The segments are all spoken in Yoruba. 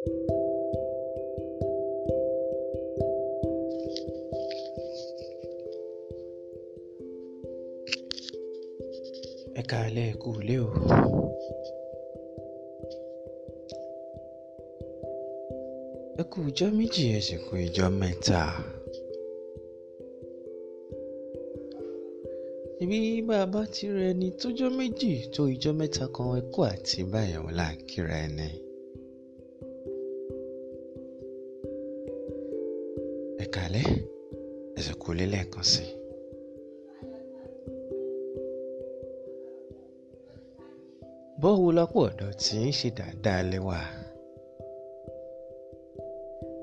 ẹ káalẹ́ ẹ kú ilé o ẹ kú ìjọ́ méjì ẹ sì kú ìjọ́ mẹ́ta ibi bàbá tirẹ̀ ni tójọ́ méjì tó ìjọ́ mẹ́ta kan ẹ kú àti báyẹn ẹni. kalẹ̀ ẹsẹ̀ kò lé lẹ́ẹ̀kan sí i. bọ́wọ́ lọ́pọ̀ ọ̀dọ́ tí ń ṣe dáadáa lẹ́wà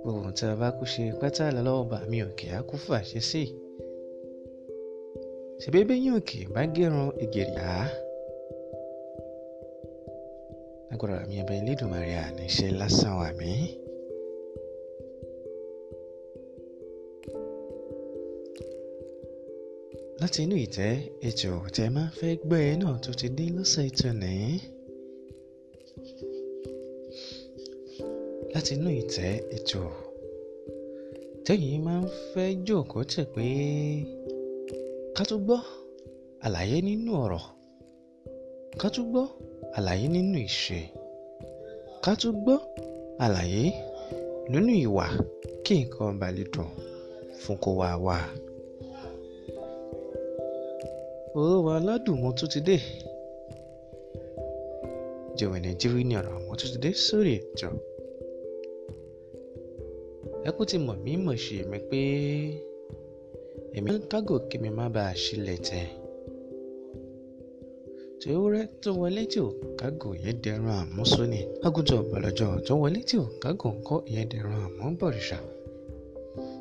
gbogbo ohun tí a bá kú ṣe pátá lọ́wọ́ bá mi òkè á kú fún àṣesí ṣèbébé yín òkè bá gẹ̀rùn ìgèrè yá agbára mi ẹ̀bẹ̀ Elédùmarè àníṣe lásán wà mí. láti inú ìtẹ́ ètò tẹ máa ń fẹ́ gbọ́ ẹ náà tó ti dé lọ́sẹ̀ ìtọ́nì. láti inú ìtẹ́ ètò tẹ́yìn máa ń fẹ́ jókòó tẹ̀ pé ká tó gbọ́ àlàyé nínú ọ̀rọ̀ ká tó gbọ́ àlàyé nínú ìṣe ká tó gbọ́ àlàyé nínú ìwà kí nǹkan balẹ̀ dùn fún kó wá wá. Oh, aládùn wọn tún ti dé. Jẹ̀wẹ̀ Nàìjíríà ní ọ̀rọ̀ àwọn tún ti dé sórí ètò. Ẹ kú ti mọ̀ mí mọ̀ ṣe mi pé èmi ń kágò kí mi má bàa ṣílẹ̀ tẹ̀. Tí ó rẹ́ tó wọlé tí ò kágò yẹn dẹran àmúsóni. Àgùntàn ọ̀bọ̀lọ́jọ́ tó wọlé tí ò kágò ńkọ́ yẹn dẹran àmúbọ̀rìṣà.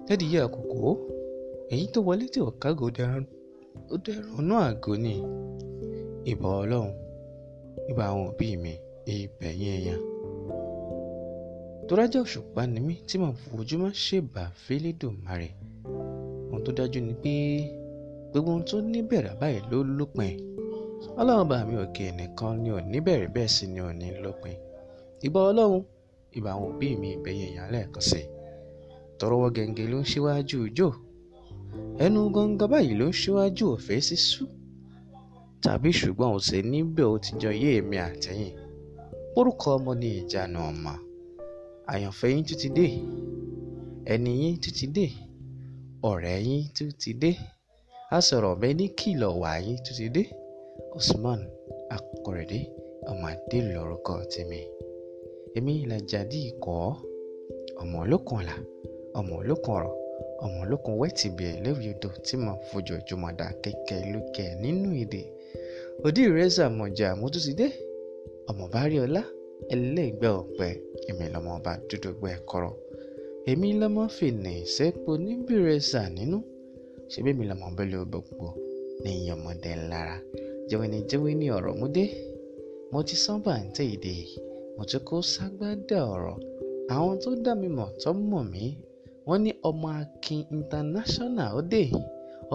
Tẹ́dí yẹ àkókò èyí tó wọlé tí ò kágò dẹran ó dẹ̀ ronú àgọ́ ni ìbà ọlọ́run ìbà àwọn òbí mi ìbẹ̀yìn èèyàn torájà òṣùpá ni mí tí màá fojoojúmọ́ ṣèbà fẹ́lẹ́dùmarè ohun tó dájú ni pé gbogbo ohun tó níbẹ̀rẹ̀ báyìí ló lópin ọlọ́run bá mi òkè nìkan ni ò níbẹ̀rẹ̀ bẹ́ẹ̀ sì ni ò ní lópin ìbà ọlọ́run ìbà àwọn òbí mi ìbẹ̀yìn èèyàn lẹ́ẹ̀kan sí i tọrọwọ́ gẹ́gẹ́ ló ń ṣíwájú ọjọ́ ẹnu gangan báyìí ló ń ṣíwájú òfé ṣíṣú tàbí ṣùgbọ́n ò sí níbẹ̀ ó ti jọ yé èmi àtẹ̀yìn orúkọ ọmọ ní ìjànà ọ̀mà àyànfẹ́ yín tún ti dé ẹni yín tún ti dé ọ̀rẹ́ yín tún ti dé asọ̀rọ̀ mi ní kìlọ̀ wà yín tún ti dé Usman Akọ̀rẹ̀dé ọmọ adé lórúkọ tèmi èmi làjàdí ikọ̀ ọmọ olókùnlá ọmọ olókùnrọ̀ ọmọlókun wẹ́tìbìẹ̀ lẹ́wìí odò tí màá fojú ọjọ́ máa dà kẹ́kẹ́ lókè nínú èdè òdì ìrẹsà mọ̀jà mótúsídé ọmọọba rí ọlá ẹlẹ́gbẹ́ ọ̀pẹ èmi lọ́mọọba dúdúgbẹ́ kọ̀rọ̀ èmi lọ́mọ fìní sẹ́po níbìrẹsà nínú ṣebí èmi lọ́mọ bẹ́lẹ̀ ògbògbò ní iye ọmọdé ńlára jẹ́wẹ́ni jẹ́wẹ́ni ọ̀rọ̀ múdé mo ti sán bàǹtẹ̀ èdè mo ti kó ságbádà ọ̀rọ̀ àwọn tó dá mi mọ̀ tó mọ̀ mí wọ́n ní ọmọ akin international òde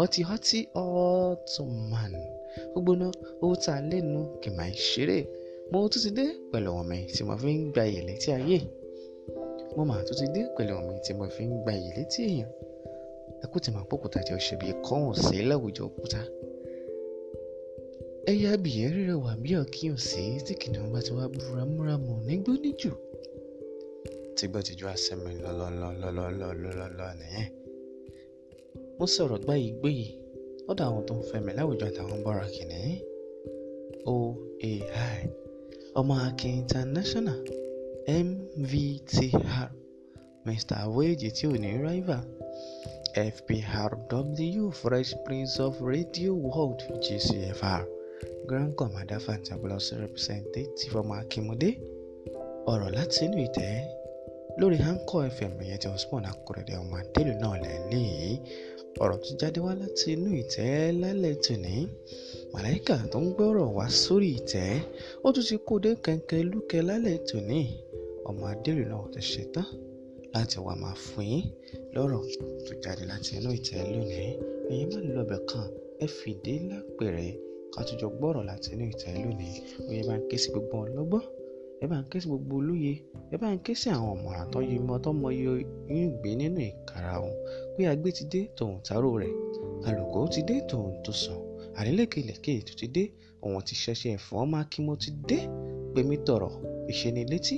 ọtí ọtí ottoman gbogbo náà owó tá a lẹ́nu kì máa ń ṣeré mo tún ti dé pẹ̀lú ọmọ mi tí mo fi ń gba iyì létí ayé mo mà tún ti dé pẹ̀lú ọmọ mi tí mo fi ń gba iyì létí èèyàn ẹkú tí màá pòkúta jẹ́ ọ̀ṣẹ́bí kọ́hùn sí láwùjọ òkúta ẹ̀yà abìyẹ́ rírẹ̀ wà bí ọ̀kíyàn sí tí kìnìún bá ti wá búra múramù nígbóníjù tí gbọ́ ti ju àṣẹ mi lọ́lọ́lọ́lọ́lọ́lọ́lọ́ nìyẹn mo sọ̀rọ̀ gbá yìí gbé yìí lọ́dọ̀ àwọn tó ń fẹ́ mi láwùjọ àtàwọn bọ́ra kìíní oai ọmọ akin international mvtr mr aweji tí ò ní rival fprw fresh prince of radio world gcfr grand commander fantabulous representative ọmọ akínmúdé ọ̀rọ̀ láti inú ìtẹ́ lórí Anchor FM ìyẹn ti Usman Akorede ọmọ àdélù náà lẹ́lẹ́yìí ọ̀rọ̀ tó jáde wá láti inú ìtẹ́ lálẹ́ tòní màláìkà tó ń gbọ́rọ̀ wá sórí ìtẹ́ ó tún ti kó dé kẹ̀kẹ́ lúkẹ́ lálẹ́ tòní ọmọ àdélù náà ti ṣetán láti wá máa fún yín lọ́rọ̀ tó jáde láti inú ìtẹ́ lónìí èyí má lọ bẹ̀ kan ẹ fìdí lápẹ̀rẹ̀ ká tó jọ gbọ́rọ̀ láti inú ìtẹ́ lónìí òye máa ń ké sí gbogbo ọlọ́gbọ́n ẹ bá ń ké sí gbogbo olóye ẹ bá ń ké sí àwọn ọ̀mọ̀ràn tó yẹ mọ tó mọyì yín gbé nínú ìkara òun pé agbé ti dé tòun tàró rẹ̀ àlùkò ti dé tòun tó sàn àrílékelèké ètò ti dé òun ti ṣẹṣẹ ẹ̀fọn ọmọ akímọ ti dé pèmí tọrọ ìṣenilétí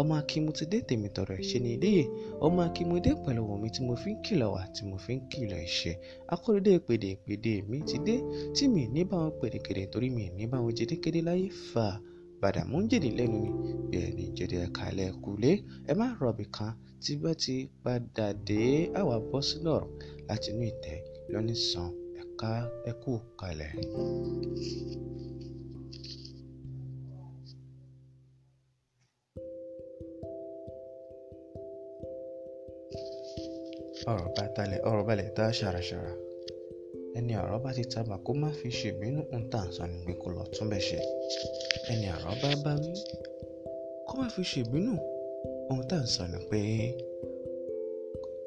ọmọ mo ti dé tèmi tọrọ ìṣeniléyè ọmọ mo dé pẹ̀lú ohùn mi tí mo fi ń kìlọ̀ wá tí mo fi ń kìlọ̀ ìṣe akóredé pèdè pèdè mi ti dé tí mi ní báwọn pèdèkèdè torí mi ní báwọn jẹdẹkẹdẹ láyé fà á bàdàmú ń jìnnì lẹ́nu ni bí ẹni jẹ̀dẹ̀ kalẹ̀ kulé ẹ má rọ̀bì kan tí bá ti padà dé àwa bọ́ sínú ọ̀rọ̀ láti inú ìtẹ́ lọ́nìsàn ẹ̀ka ẹ̀kú kalẹ̀. ọ̀rọ̀ bá talẹ̀ ọ̀rọ̀ balẹ̀ tá a ṣàràṣàrà ẹni ọ̀rọ̀ bá ti tabà kó má fi ṣèbínú ń tà ń sọ ni pé kó lọ tún bẹ́ẹ̀ ṣe ẹni ọ̀rọ̀ bá bá wí kó má fi ṣèbínú ohun tá sọ ni pé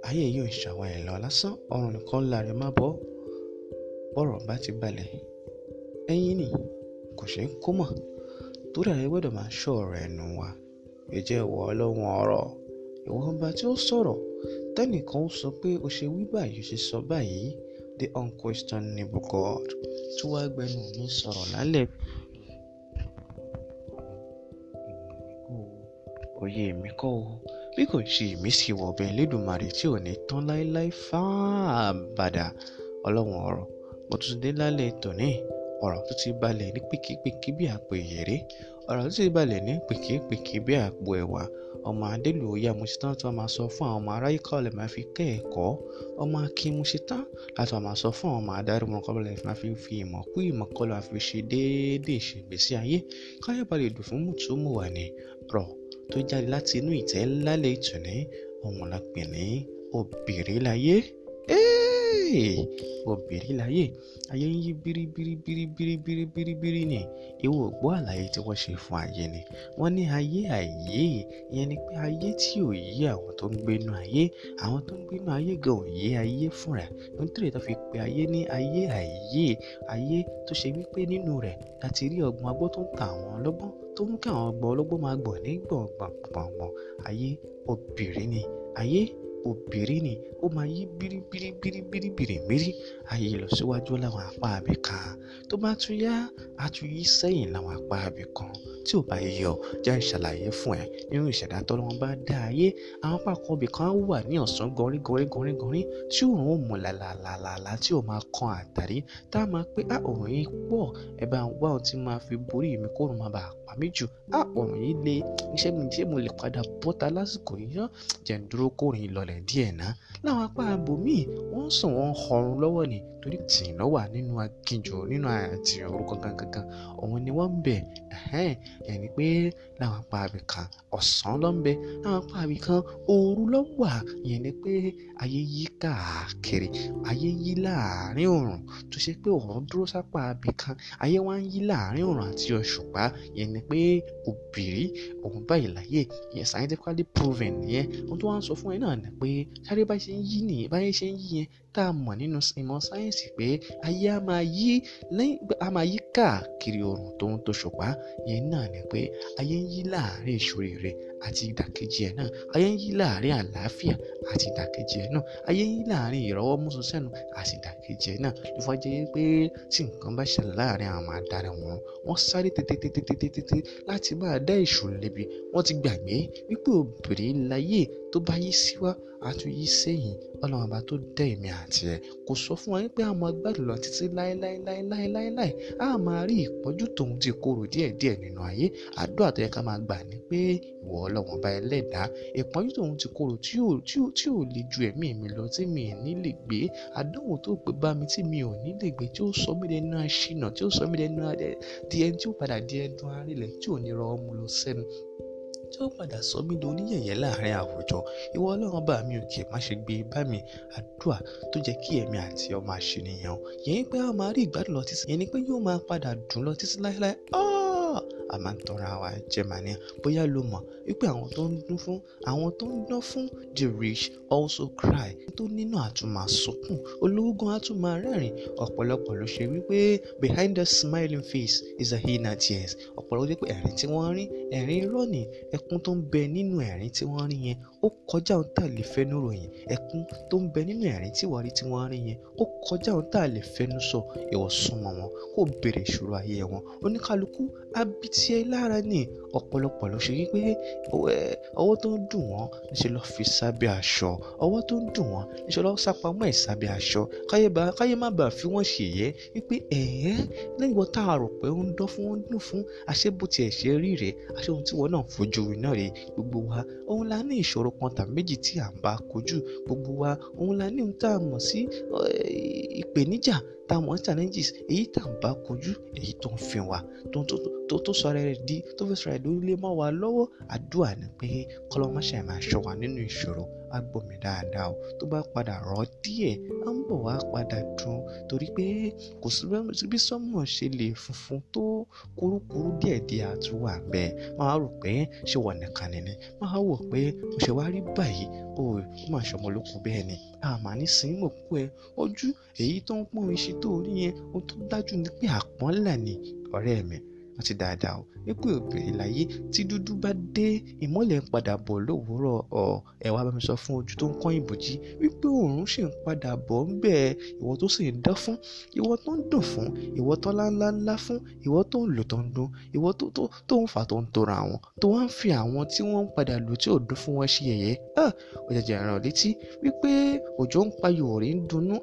ayé yóò ṣàwọn ẹ̀ lọ lásán ọrùn nìkan láre má bọ́ bọ́rọ̀ bá ti balẹ̀ ẹ̀yìn nì kò ṣe ń kó mọ̀ torí ààrẹ gbọ́dọ̀ máa ṣọ́ ọ̀rọ̀ ẹnu wa ìjẹ́ ìwọ ọlọ́run ọ̀rọ̀ ìwọ̀nba tí ó sọ̀rọ̀ tẹ́nìkan ó sọ pé o ṣe wí báyìí o ṣe sọ báyìí the unquestionable God tí wàá gbẹnu mi sọ̀rọ̀ lálẹ́ òye mi kọ́ o bí kò ṣe ìmísí wọ̀bẹ Elédùmarè tí ò ní tán láéláé fáàbàdà ọlọ́wọ̀n ọ̀rọ̀ mo tún dé lálẹ́ tòní ọ̀rọ̀ tó ti balẹ̀ ní pèképèké bí àpò ìyèrè ọ̀rọ̀ tó ti balẹ̀ ní pèképèké bí àpò ẹ̀wà ọmọ adélòye musitán tí wọ́n máa sọ fún àwọn ọmọ aráyé kọ́ lè máa fi kẹ́ ẹ̀kọ́ ọmọ akin musitán láti wọ́n máa sọ fún àwọn ọmọ adarí wọn kọ́ lè máa fi fi ìmọ̀ kú ìmọ̀ kọ́ lè ṣe déédéé ṣègbésí ayé káyọ̀ bá lè dùn fún mùtúmù wà ní rọ̀ tó jáde láti inú ìtẹ́ lálẹ́ ìtùní ọmọlápẹ̀ ní obìnrin láyé. Eh! obìnrin láyé ayé ń yí bíríbíríbíríbíríbíríbírí ni ìwọ ò gbọ́ àlàyé tí wọ́n ṣe fún ayé ni wọ́n ní ayé àìyé ìyẹn ni pé ayé tí ò yé àwọn tó ń gbénu ayé àwọn tó ń gbénu ayé gan ò yé ayé fúnra nítorí tó fi pe ayé ní ayé àìyé ayé tó ṣe wípé nínú rẹ̀ láti rí ọgbọ́n agbó tó ń ta àwọn ọlọ́gbọ́n tó mú kí àwọn ọgbọ́n ọlọ́gbọ́n máa gbọ̀ ní gbọ̀ngbọ̀ngbọ̀ngbọ̀n ayé obìnrin ni ayé òbìrí ni ó máa yí bíríbíríbíríbíríbíríbírí ayé lọ síwájú láwọn apá abẹ kan tó bá tún yá á tún yí sẹ́yìn láwọn apá abẹ kan tí ò bá yẹ ọ jẹ́ ìṣàlàyé fún ẹ nínú ìṣẹ̀dá tọ́lọ́wọ́n bá dá ayé àwọn pàkọ́ ibì kan wà ní ọ̀sán gọrí gọrí gọrí gọrí tí òun ò mọ̀ làlàlàlà tí ò máa kan àtàrí tá a máa pé òun yìí pọ̀ ẹ bá ń wá ohun tí máa fi borí mi kó òun máa bàa pa mí jù òun yìí le iṣẹ́ mi tí mo lè padà bọ́ta lásìkò yìí jẹ́ ń dúró kó òun yìí lọlẹ̀ díẹ̀ náà láwọn apá abòmíì wọ́n ń sùn wọ́n ń họrun ni torí tìǹ lọ́wà nínú aginjù nínú àtìyàn orúkọ kankan òun ni wọ́n ń bẹ̀ ẹni pé láwọn apá abì kan ọ̀sán ló ń bẹ láwọn apá abì kan òru ló yẹn ni pé ayé yí káàkiri ayé yí láàrin òrùn tó ṣe pé òrùn dúró sápá abì kan ayé wá ń yí láàrin òrùn àti òṣùpá yẹn ni pé òbìrí òun báyìí láyé yẹn scientifically proven nìyẹn ohun tó wá ń sọ fún ẹ náà ni pé sáré báyìí ṣe ń yí nìyẹn báyé ṣe ń yí yẹn tá a mọ̀ nínú ìmọ̀ sáyẹ́ǹsì pé ayé a máa yí lẹ́yìn a máa yí káàkiri oòrùn tó ń tó ṣùpá yẹn náà ni pé ayé ń yí láàárín ìṣòro rẹ̀ àti ìdàkejì ẹ̀ náà ayé ń yí láàrin àlàáfíà àti ìdàkejì ẹ̀ náà ayé ń yí láàrin ìrọwọ́ mùsùnsẹ́nu àti ìdàkejì ẹ̀ náà ló fà jẹ́ pé tí nǹkan bá ṣẹlẹ̀ láàrin àwọn adarí wọn wọ́n sáré tètètètètètè láti máa dá èṣù lẹ́bi wọ́n ti gbàgbé wípé obìnrin láyé tó bá yí síwá àtúnyí sẹ́yìn ọlọ́run àbá tó dẹ́ èmi àti ẹ̀ kò sọ fún wa pé a máa gbádùn lọ títí láéláéláéláéláé a máa rí ìpọ́njú tòun ti korò díẹ̀díẹ̀ nínú ayé àdúrà tó máa gbà ní pé ìwọ ọlọ́run ọba ẹlẹ́dàá ìpọ́njú tòun ti korò tí ò lè ju ẹ̀mí mi lọ tí mi ì ní lè gbé àdánwò tó gbé bá mi tí mi ò ní lè gbé tí ó sọ mí lẹ́nu aṣínà tí ó sọ mí lẹ́nu di ẹni tí ó padà di ẹdun arílẹ̀ tí ò ní rọ ọmọ lọ sẹ́nu tí ó padà sọ mí dun oníyẹ̀yẹ́ láàrin àwùjọ ìwọ ọlọ́run bá mi òkè má ṣe gbé e bá mi àdúrà tó jẹ́ kí èmi àti ọmọ àṣìnìyàn yẹn ni pé a máa rí ìgbádùn lọ títí yẹn ni pé yóò máa padà dùn lọ títí láéláé a máa ń tọra wa jẹ màá ní bóyá lo mọ̀ wípé àwọn tó ń dún fún àwọn tó ń dán fún the rich also cry tó nínú àtúmọ̀ àsọkùn olówó gan àtúmọ̀ rẹ́rìn ọ̀pọ̀lọpọ̀ ló ṣe wípé behind the smiling face is a hidden tears ọ̀pọ̀lọpọ̀ jẹ́ pé ẹ̀rín tí wọ́n rí ẹ̀rín irọ́ ni ẹkún tó ń bẹ nínú ẹ̀rín tí wọ́n rí yẹn ó kọjá ohun tá a lè fẹnu ròyìn ẹkún tó ń bẹ nínú ẹ̀rín tí wọ́n rí tí wọ́n rí yẹn ó kọjá ohun tá a lè fẹnu sọ ìwọ súnmọ́ wọn kó bèrè ìṣòro ayé wọn oníkálukú á bí t sí ẹ lára ní ọ̀pọ̀lọpọ̀ ló ṣe wípé ọwọ́ tó ń dùn wọ́n níṣẹ́ ló fi sábẹ́ aṣọ ọwọ́ tó ń dùn wọ́n níṣẹ́ ló sápamọ́ ẹ̀ sábẹ́ aṣọ káyé má bàa fi wọ́n ṣèyẹ́ wípé ẹ̀ẹ́ lẹ́yìn wọ́n tá a rò pé ó ń dán fún ó ń dùn fún àṣẹ bó tiẹ̀ ṣe rí rẹ̀ àṣẹ ohun tí wọ́n náà fojú iná rẹ̀ gbogbo wa òun la ní ìṣòro kan tàbí méjì tí à ń bá kojú gbogbo wa òun la ní ohun tá a mọ̀ sí ìpèníjà tá a mọ̀ challenges èyí tá à ń bá kojú èyí tó ń fi wá tó tó sọ̀rọ̀ rẹ̀ di tó fẹ́ sọ̀rọ̀ rẹ̀ di ó lè má wà lọ́wọ́ àdúrà ni pé kọ́lọ́mọṣẹ́ máa ṣọ́ wa nínú ìṣòro á gbọ́ mi dáadáa o tó bá padà rọ̀ díẹ̀ á ń bọ̀ wá padà dùn torí pé kò sí bí sọ́mọ̀ ṣe lè funfun tó kúrúkúrú díẹ̀ díẹ̀ àtúwà bẹ́ẹ̀ máa rò pé ṣé wọ̀ nìkan nìní máa wò pé mo ṣe wá rí báyìí o ò máa ṣọmọ lókun bẹ́ẹ̀ ni àmà ní sin mọ̀ kú ẹ ojú èyí tó ń pọ́n iṣẹ́ tó rí yẹn ohun tó dájú ni pé àpọ́nlẹ̀ ni ọ̀rẹ́ mi àti dáadáa o wípé obìnrin láyé tí dúdú bá dé ìmọ́lẹ̀ ń padà bọ̀ lówùúrọ̀ ọ̀ ẹ̀ wá bá mi sọ fún ojú tó ń kọ́ ìbòjí wípé òòrùn sì ń padà bọ̀ ń bẹ̀ ìwọ tó sì ń dán fún ìwọ tó ń dùn fún ìwọ tó ńláńlá ńlá fún ìwọ tó ń lò tó ń dún ìwọ tó ń fà tó ń tora àwọn tó wá ń fi àwọn tí wọ́n ń padà lò tí ò dún fún wọn ṣe yẹ̀yẹ́ ọ̀jẹ̀jẹ̀ ràn létí wípé òjò ń payò rí ń dunnú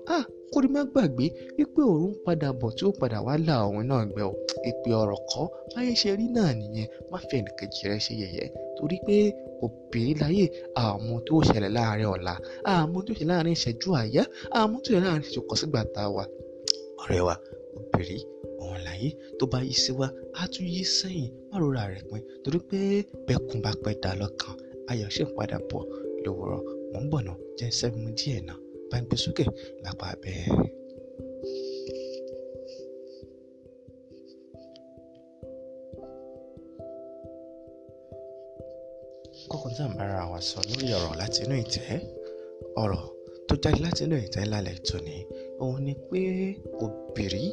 kó rí má gbàgbé wípé òun padà bọ̀ tí ó padà wá là òun náà gbẹ o ìpè ọ̀rọ̀ kọ́ báyé ṣe rí náà nìyẹn má fi ẹnìkejì rẹ ṣe yẹ̀yẹ́ torí pé obìnrin láyè àmọ́ tó ṣẹlẹ̀ láàrin ọ̀la àmọ́ tó ṣẹlẹ̀ láàrin ìṣẹ́jú àyá àmọ́ tó ṣẹlẹ̀ láàrin ìṣẹ́jú kọ̀sígbà tá a wà ọ̀rẹ́ wa obìnrin ọ̀hún láyé tó bá yí sí wa á tún yí sẹ́yìn má rora rẹ̀ pin torí pé bẹ́kùn bá pẹ́ dá lọ́kàn ayọ̀ ṣe ń padà bọ̀ lówùrọ̀ mò ń bọ̀ náà jẹ́ sẹ́mi díẹ̀ náà bá besuke, gbé sókè lápá bẹ́ẹ̀. kọ́kọ́ tí à ń bára wa sọ lórí ọ̀rọ̀ láti inú ìtẹ́ ọ̀rọ̀ tó jáde láti ìtẹ́ lálẹ́ tòní òun ni pé òbírí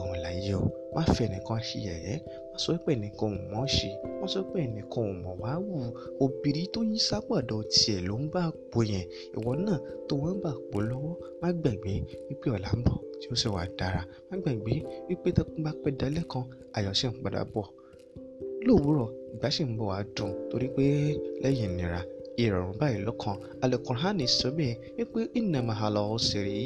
ọ̀run láyé o má fi ẹnìkan ṣe yẹ̀yẹ́ má sọ pé ẹnìkan ò mọ̀ ṣe má sọ pé ẹnìkan ò mọ̀ wá wù òbírí tó yí sápọ̀dọ̀ tiẹ̀ ló ń bá àpò yẹn ìwọ náà tó wọ́n bá àpò lọ́wọ́ má gbàgbé wípé ọ̀la ń bọ̀ tí ó sì wà dára má gbàgbé wípé tẹ́kùn bá pẹ́ dalẹ́ kan ayọ̀ ń padà bọ̀ lówùúrọ̀ ìgbà sì ń bọ̀ wá dùn torí pé lẹ́yìn ìnira ìrọ̀rùn báyìí lọ́kàn alukurhani sọ wípé ìnàmàhàlà ọ̀sẹ̀rẹ̀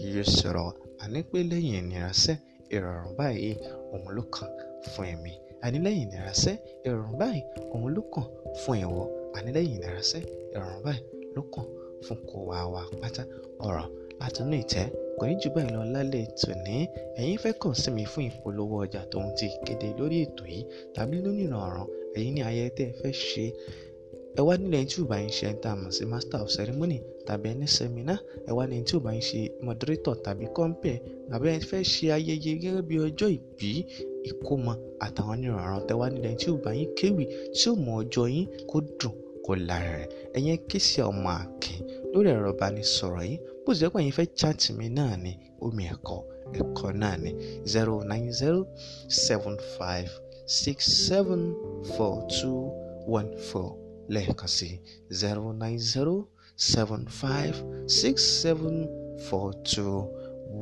yìí sọ̀rọ̀ àní pé lẹ́yìn ìnira sẹ́ẹ̀ ìrọ̀rùn báyìí òun ló kàn fún èmi àní lẹ́yìn ìnirasẹ́ ìrọ̀rùn báyìí òun ló kàn fún ìwọ àní lẹ́yìn ìnirasẹ́ ìrọ̀rùn báyìí ló kàn fún kó wà wá pátá ọ̀rọ̀ látinú ìtẹ́ kò ní jù báyìí lọ lálẹ́ tòní ẹ̀yin fẹ́ kàn sí mi fún ìpolówó ọjà tòun ti kéde lórí ètò yìí tàbí lónìí ọ̀ràn ẹ̀yin ní ayẹyẹ tẹ́ fẹ́ ṣe ẹ wá nílẹ̀ tí ò bá ń ṣe ẹni mọ̀ sí master of ceremony tàbí ẹni seminar ẹ wá nílẹ̀ tí ò bá ń ṣe moderator tàbí compere tàbí ẹ fẹ́ ṣe ayẹyẹ gẹ́gẹ́ bí ọjọ́ ìbí ìkómọ àtàwọn onírànràn tẹ wá nílẹ̀ tí ò bá yín kéwì tí ò mọ ọjọ́ yín kó dùn kó lárinrin ẹ̀yẹn ké sí ọmọ àkè lórí ẹ̀rọ ìbánisọ̀rọ̀ yín bó ṣe pé ẹ̀yin fẹ́ chat mi náà ni omi ẹ̀kọ́ ẹ̀kọ́ náà ni zero nine zero seven five six seven four two one four lẹ́ẹ̀kan sí zero nine zero seven five six seven four two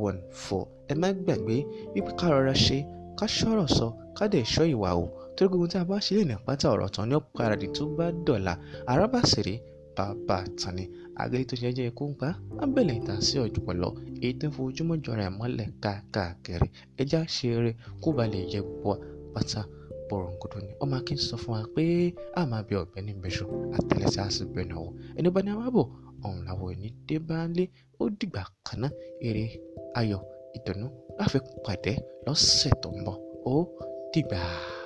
one four ẹ má gbàgbé wípé ká rọra ṣe ká ṣọ̀rọ̀ sọ ká dẹ̀ ṣọ́ ìwà o torí gbogbo tí a bá ṣe lè ní pátá ọ̀rọ̀ tán ní ọ̀pọ̀ àràdì tó bá dọ̀la arábàṣẹ̀rẹ̀ bàbá tani àgẹ́lẹ́ tó ṣe jẹ́ ikú ń pa abẹ́lẹ̀ ìtàn sí ọ̀jọ̀pọ̀ lọ èyí tó ń fojúmọ́ jọra mọ́lẹ̀ káàkiri ẹja ṣe eré kó ba lè yẹ gbọ́ pátá porongodo ni ọmọ akin sọ fún wa pé a máa bẹ ọ̀gbẹ́ ní bẹṣu àtẹ́lẹsẹ̀ á sì bẹ náwó ẹni bá ní abábọ ọ̀hún làwọn ẹni dé bá lé ó dìgbà kan eré ayọ̀ ìdùnnú láfi pàdé lọ́sẹ̀ tó ń bọ̀ ó dìgbà.